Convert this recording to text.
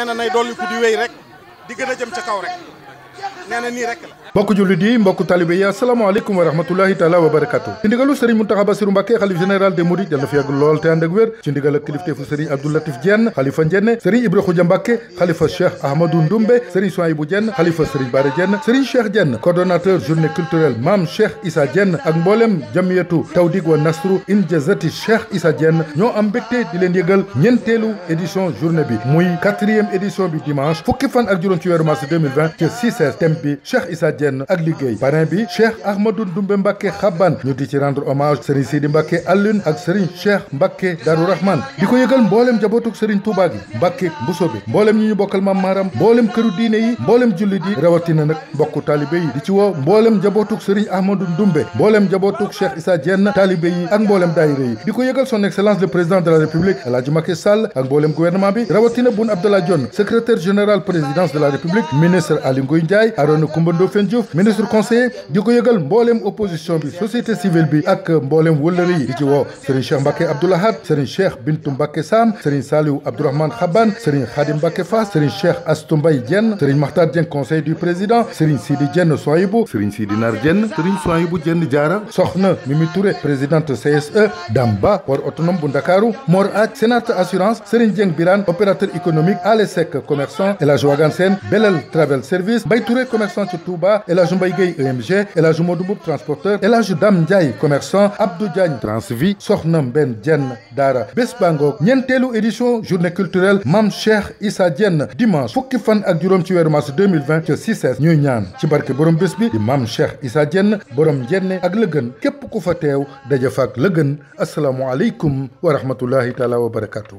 nee na nay dolliku di wéy rek di gën a jëm ca kaw rek nee na nii rek la mbokk jullit yi mbokk talibe wa rahmatullahi taala wa barakatu ci ndigalu sëriñ Muntaxa Basiru Mbàkke xalif général des mourides yàlla fi yàgg lool te ànd ak wér ci ndigal ak kilifteefu sëriñ Abdou Latif xalifa Ndiène sëriñ Ibra Xuja Mbàkke xalifa Cheikh Ahmadou Ndoumbe sëriñ Sohaibou Diène xalifa sëriñ Bara Diène sëriñ Cheikh Diène coordonnateur journée culturelle maam Cheikh Issa Diène ak mboolem jamiyatu tawdig wa nasru injazati Cheikh Issa Diène ñoo am mbégte di leen yëgal ñeenteelu édition journée bi muy quatrième édition bi marraine bi Cheikh Issa Diène ak liggéey parrain bi Cheikh Ahmadou Ndoumbe Mbacké Xaban ñu di ci rendre hommage Serigne Sidi Mbacké Alioune ak Serigne Cheikh Mbacké Darou Rahman di ko yëgal mboolem jabootuk Serigne Touba gi Mbacké Mbousobé mboolem ñi ñu bokkal maam mboolem këru diine yi mboolem jullit rawatina nag mbokku taalibé yi di ci woo mboolem njabootuk Serigne Ahmadou Ndoumbe mboolem njabootuk Cheikh Issa Diène taalibé yi ak mboolem daayira yi di ko yëgal son excellence Ndiaye Arona Coumba Ndoffène Diouf ministre conseiller di ko yëgal mbooleem opposition bi société civile bi ak mbooleem wëllëri yi di ci woo Serigne Cheikh Mbacke Abdoul Ahad Serigne Cheikh Bintou Mbacke Sam Serigne Saliou Abdourahmane Khaban Serigne Khadim Mbacke Fass Serigne Cheikh Astou Mbaye Diène Serigne Makhtar Diène conseil président Serigne Sidi Diène Soyibou Serigne Sidi Nar Diène Serigne Soyibou Diène Diara Soxna Mimi Touré présidente CSE Damba port autonome bu Ndakaaru Mor Aaj Sénat assurance Serigne Dieng Birane opérateur économique Alesec commerçant El Touré, commerçant ci Touba El Hadj Mbaye Gueye EMG El Hadj Modou Mboup transporteur El Hadj Dame Ndiaye commerçant Abdou Diagne Transvi Soxna Mbenn Diène Daara bés bangoog ñeenteelu édition journée culturelle Mame Cheikh Issa Diène dimanche fukki fan ak juróom ci weeru mars 2020 ca CICES ñuy ñaan ci barke borom bés bi di Mame Cheikh Issa Diène borom njenne ak lëgën képp ku fa teew dajafaak lëgën asalaamualeykum wa rahmatullahi taala wa barakatu